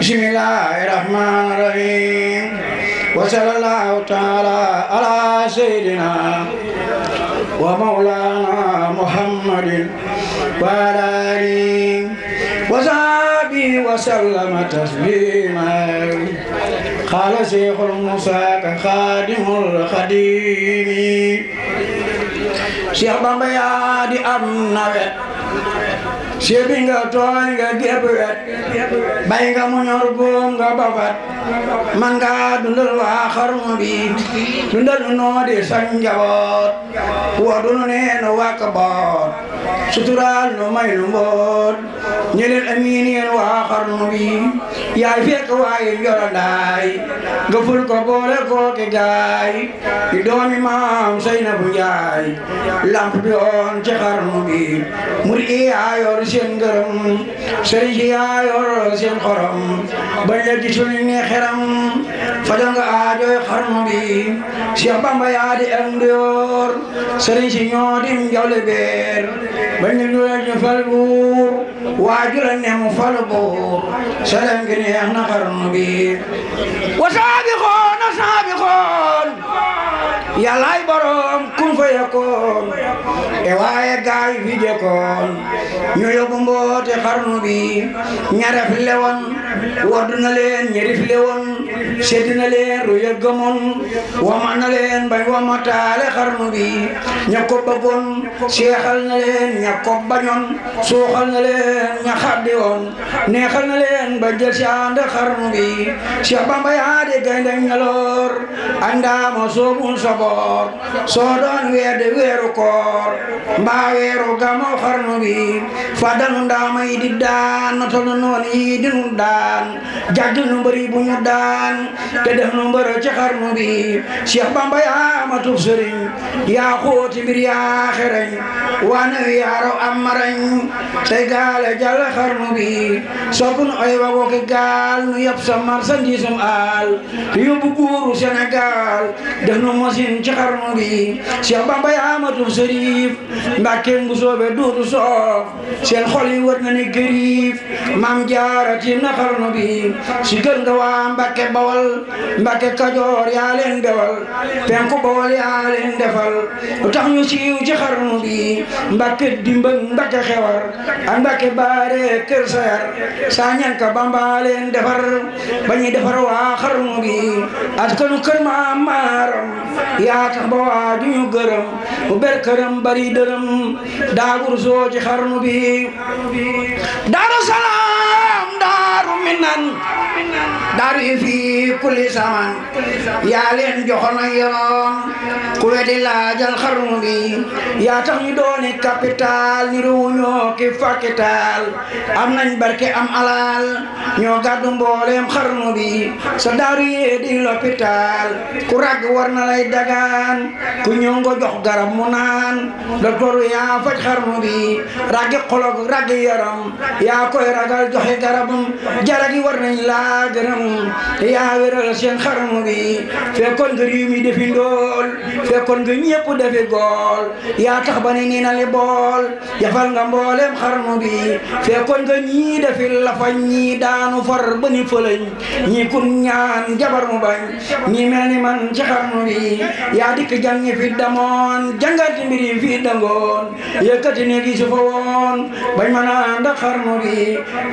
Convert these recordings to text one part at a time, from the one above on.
بسم الله الرحمن الرحيم وصلى الله تعالى على سيدنا ومولانا محمد وعلى آله وصحبه وسلم تسليما قال شيخ الموسى خادم الخديم شيخ بامبيا دي أمنا sebi nga tooy nga gépp wet bay nga mu ñor buum babat man nga dundal waa xarnu dundal noo di sañ njaboot woo dunu nee nu wàkk boot suturaal nu may nu mboot ñu leen amiin yéen yaay fekk waaye njorandaay nga ful ko boole kooki gaay di doomi maam Seynabu Njaay lamp bi oon ci xarnu bi mur i aayoor seen ngërëm sëriñ si yaa xorom bañ la gisul ne xeram fajal nga aajooy xarnu bi Cheikh yaa di am door sëriñ dim jawle bañ la dural ñu fal buur waajur a ne mu fal buur salam gi neex na xarnu bi wa saabixoon a yàllaay borom kum fa yekkoon e waaye gaay fi jekkoon ñu yóbbu mboote xarnu bi ñaref lewoon wodd na leen seddi na leen ruya gëmoon wama xarnu bi ña ko bëggoon seexal na leen ña ko bañoon xaddi woon neexal na leen ba xarnu bi Cheikh Bamba yaa di ñaloor andaama soobun sa boor soo doon weer koor mbaa gamoo xarnu bi fadanu ndaama yi daan na noon yi di nu daan jaggi nu mbëri bu ñu daan te def nu mbërë ci xarnu bi Cheikh Bamba yaa ma tub sëriñ yaa xóoti mbir yaa xereñ waane wi yaa raw am marañ tey gaale jàll xarnu bi sopp nu ay wa woke gaal nu yab sa marsandiisum aal yóbbu guuru Sénégal def nu mosin ci xarnu bi Cheikh Bamba yaa ma tub sëriñ Mbàkke bu soobe duutu soof seen xol yi wër na ni gëriif maam jaara tiim na xarnu bi si gën nga waa Mbàkke Bawol defal Mbàkke Kajoor yaa leen bewal penku Bawol yaa leen defal lu tax ñu siiw ci xarnu bi Mbàkke dimbal Mbàkke xewar ak Mbàkke baare kër sayar saa ñanka Bamba leen defar ba ñuy defar waa xarnu bi askanu kër ma maaram yaa tax ba waa du ñu gërëm bu ber këram bari dërëm daagur soo ci xarnu bi daaru salaam منا dari fi kulli zaman yaa ku weddi laajal xarnu bi yaa tax ñu dooni capital ni ruuñoo ki am nañ barke am alal ñoo gàddu mbooleem xarnu bi sa daaru yee di ku rag war na lay dagaan ku ñëw nga jox garab mu naan docteur yaa faj xarnu bi ragi xolog ragi yaram yaa koy ragal joxe garabam dara gi war nañ laa gërëm yaa wéral seen xarmu bi fekkoon nga réew mi defi a fekkoon nga ñëpp defi gool yaa tax ba ne nii na li bool yafal nga mbooleem xarmu bi fekkoon nga ñii defi lafañ ñii daanu far ba ni fëlañ ñii kun ñaan jabar mu bañ ñii mel man ci xarmu bi yaa dikk jàngi fi damoon jàngati mbir yi fi dangoon yëkkati ne gi su fa woon bañ mën a ànd xarmu bi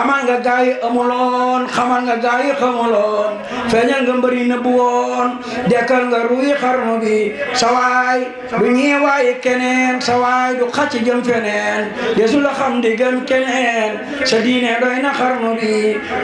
amaa nga gaay amuloo woon xamal nga gaa yi xamuloon feeñal nga mbëri nëbbu woon dekkal nga ruuy xarnu bi sawaay du ñii waayi keneen sawaay du xacc jëm feneen desu la xam di gëm keneen sa diine doy na xarnu bi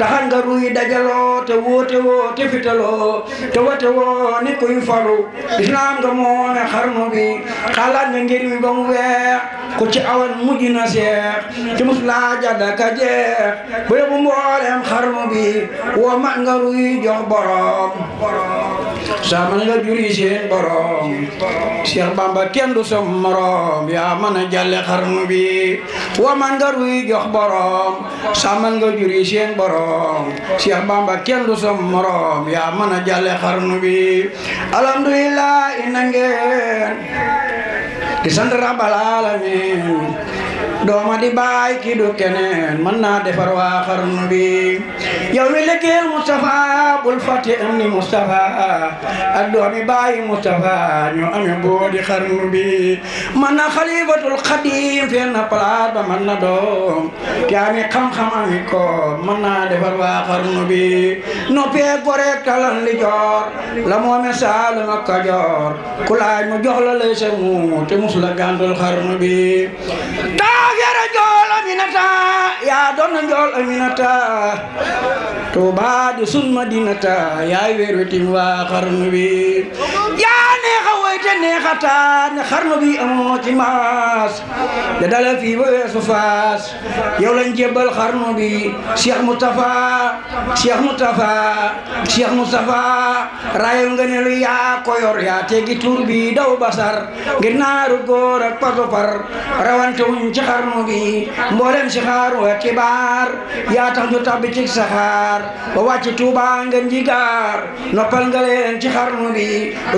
taxal nga ruuy dajaloo te woote woo te fitaloo te wate woo kuy falu islam nga moome xarnu bi xalaat nga ngir mi weex ku ci awan mujj na seex ci mus laa jàdda ka jeex bu yóbbu mboolem xarnu bi woo mat nga ruy jox borom saa nga juri seen borom Cheikh Bamba kenn du sa morom yaa mën a jàlle xarnu bi woo man nga ruy jox borom saa nga juri seen borom Cheikh Bamba kenn du sa morom yaa mën a jàlle bi alhamdulillah ina di sant rabbal alamin dooma di baay ki du keneen mën naa defar waa xarnu bi yow mi liggéeyal Moustapha bul fàtte am ni Moustapha ak doomi baayi Moustapha ñu amee boo di xarnu bi mën na xalifatul xadim fenn palaat ba mën na doom te ami xam ami ko mën naa defar waa xarnu bi noppee goreeg talan li joor la moome saalu ma joor ku laaj mu jox la lay sa mu te mus la gàndul yaa yara njool aminata yaa donna njool aminata Tuuba di sun madinata yaay weer wetim waa xarnu bi jooy te neexataan ne xarnu bi amoo ci maas da dala fii ba weesu faas yow lañ jébbal xarnu bi Cheikh Moustapha Cheikh Moustapha Cheikh Moustapha raayam nga ne lu yaa ko yor yaa bi daw basar ngir naaru góor ak paso par ci xarnu bi mboolem si xaaru ak kibaar yaa tax ñu tabbi ci saxaar ba wàcc Tuuba ngeen jigaar noppal nga ci xarnu bi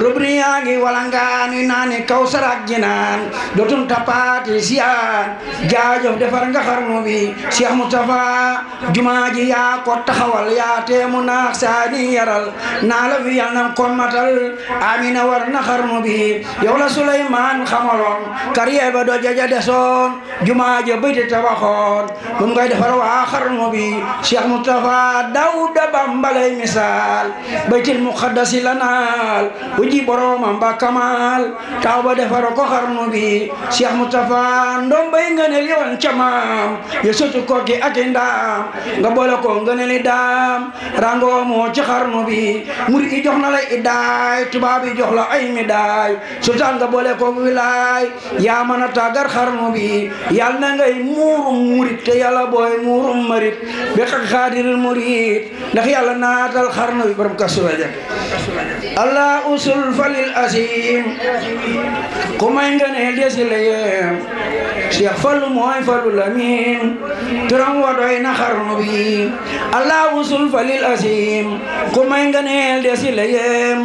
rubni ngi wala nangaani naani kawsar ak jinaan dootum tapaati siyaan jaajëf defar nga xarnu bi Cheikh Moustapha jumaa ji yaa ko taxawal yaa teemu naax saani yaral naa la fi yal nan ko matal amina war na xarnu bi yow la Souleymane xamaloon carrière ba do jaja desoon jumaa ja bëyti tabaxoon bu ngay defar waa xarnu bi Cheikh Moustapha dawda bambalay misaal baytil muqaddasi la naal uji boroomam bakka jamaal taw ba defar ko xarnu bi Cheikh Moustapha ndombay ngëneel yoon ca maam ya sotu ko ki ak ndaam nga boole ko ngëneeli daam rango ci xarnu bi muri i jox na la i daay tubaab yi jox la ay mi daay sultaan nga boole ko wilaay yaa mën a tàggar xarnu bi yal na ngay muurum murit te yàlla booy muurum marit bi xaadiril murit ndax yàlla naatal xarnu bi borom kasu la allah usul falil asim ku may nga ne desi la yeem Cheikh Fallu mooy Fallu Lamin turam wa doy na xarnu bi allah usul falil asim ku may nga neel de si la yem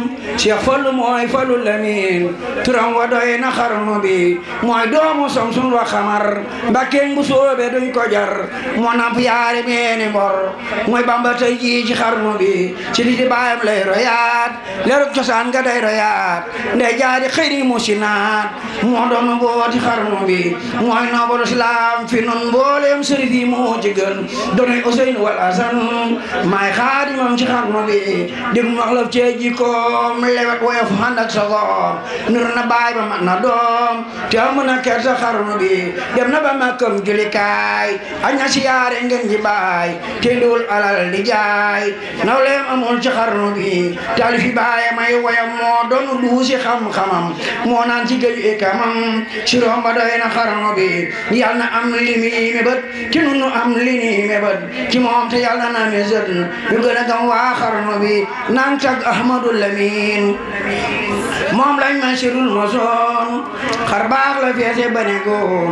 Fallu mooy Fallu Lamin turam wa doy na xarnu bi mooy doomu Samsun wa xamar Mbakke bu soobe duñ ko moo namp yaari meeni mbor mooy Bamba tey ci xarnu bi ci li di baayam lay royaat leerub cosaan nga day royaat ndey jaari xëyri musinaat moo doon mbooti xarnu bi mooy noobul islaam fi nun mbooleem sërif yi moo baay ba man na doom te amu na kersa xarnu bi dem na ba makkam julikaay aña siyaare ngeen ji baay te duul alal di jaay nawleem amul ci xarnu bi taalifi baaye may woyam moo doonu duusi xam-xamam moo naan ci géju ikamam si romba doy na xarnu bi yal na am li muy mébét ci nun am li ñuy mébét ci moom te yal na na mébét ñu gën a gam waa xarnu bi naan tag Lamin moom lañ ma sirul mosoon xar baax la feete bane goon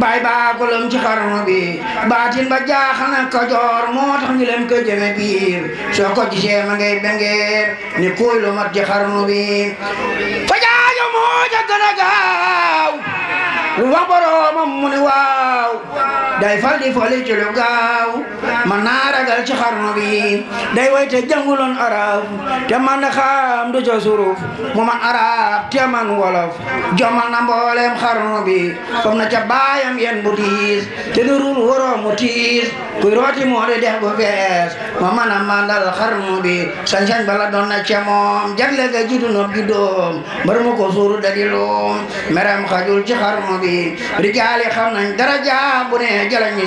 baay baa ko lëm ci xarnu bi baatin ba jaaxana kajoor moo tax ñu leen ko biir soo ko gisee ma ngay bengeer ni kuy lu mat ci xarnu bi fa jaajo moo ca gën a gaaw lu boroomam mu ne waaw day fal di fali ci lu gaaw man naa ci xarnu bi day way te jànguloon te man xam du ca suruf mu man te man wolof jomal na mbooleem xarnu bi foofu na ca baayam yen bu tiis te nu ruur waroo tiis kuy rooti moo di dex gu bees ma man a mandal xarnu bi sañ-sañ bala doon na ca jagle ga jiitu nopp ju doom mbar mu ko suuru dadi loom meram xajul ci xarnu bi bi rijaali xam nañ dara bu ne jëlañ ñu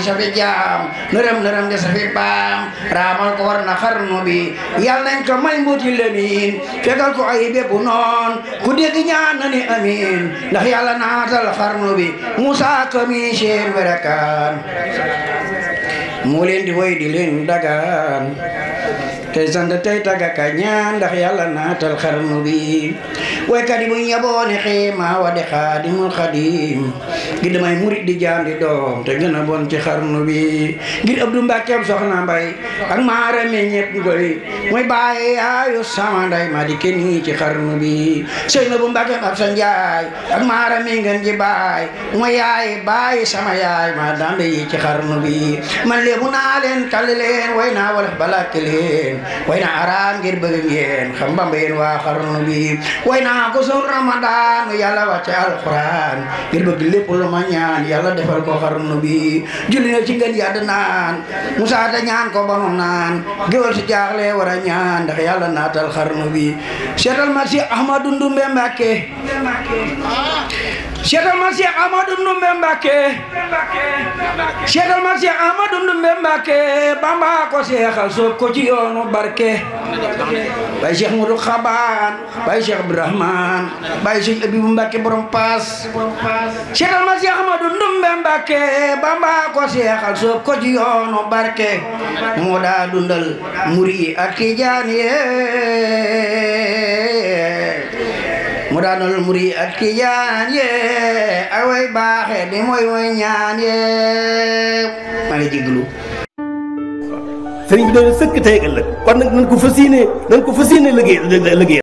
nërëm nërëm de safi baam raamal ko na xarnu bi yal nañ ko may mbuuti lëmin fegal ko ay bépp noon ku dégg ñaan na ni amin ndax yàlla naatal xarnu bi Musaa kami seen werakaan mu leen di woy di leen dagaan tey sant tey tagaka ñaan ndax yàlla naatal xarnu bi waykat yi muy ñaboone xiima wa de xadim gi damay murit di jaam di doom te gën a bon ci xarnu bi ngir Abdu Mbàkkeem soxna mbay ak maara meññeet ngoy mooy bàyyi sama nday ma di kenn ci xarnu bi sëy na bu ab sa njaay ak maara meññeen ji baay mooy yaay bàyyi sama yaay ma dambe yi ci xarnu bi man léebu naa leen kal leen way naa wala way na araan ngir bëgg ngeen xam Bamba yéen waa xarnu bi way na ko sun ramadan yàlla wàcce alquran ngir bëgg lépp lu ma ñaan yàlla defal ko xarnu bi julli na ci ngeen yàdd naan Musaa ñaan ko banu naan géwal si jaaxle war a ñaan ndax yàlla naatal xarnu bi seetal ma si Ahmadu Ndumbe Mbàkke Seetal ma Seex ma Seex Amadu Bamba ko seexal soob ko ci yoonu barke Baay Seex Mudu Xabaan Baay Seex Abdurahmaan Baay Seex Abibu Mbàkke borom paas Seetal ma Seex Amadu Bamba ko seexal soob ko ci yoonu barke moo daa dundal muri ak Tijaan yee muraanul muri at ki jaan yee ay way baaxe di mooy mooy ñaan yee ma lay jéggalu sëriñ bi dana sëkk tey ëllëg kon nag nañ ko fas yéene nañ ko fas yéene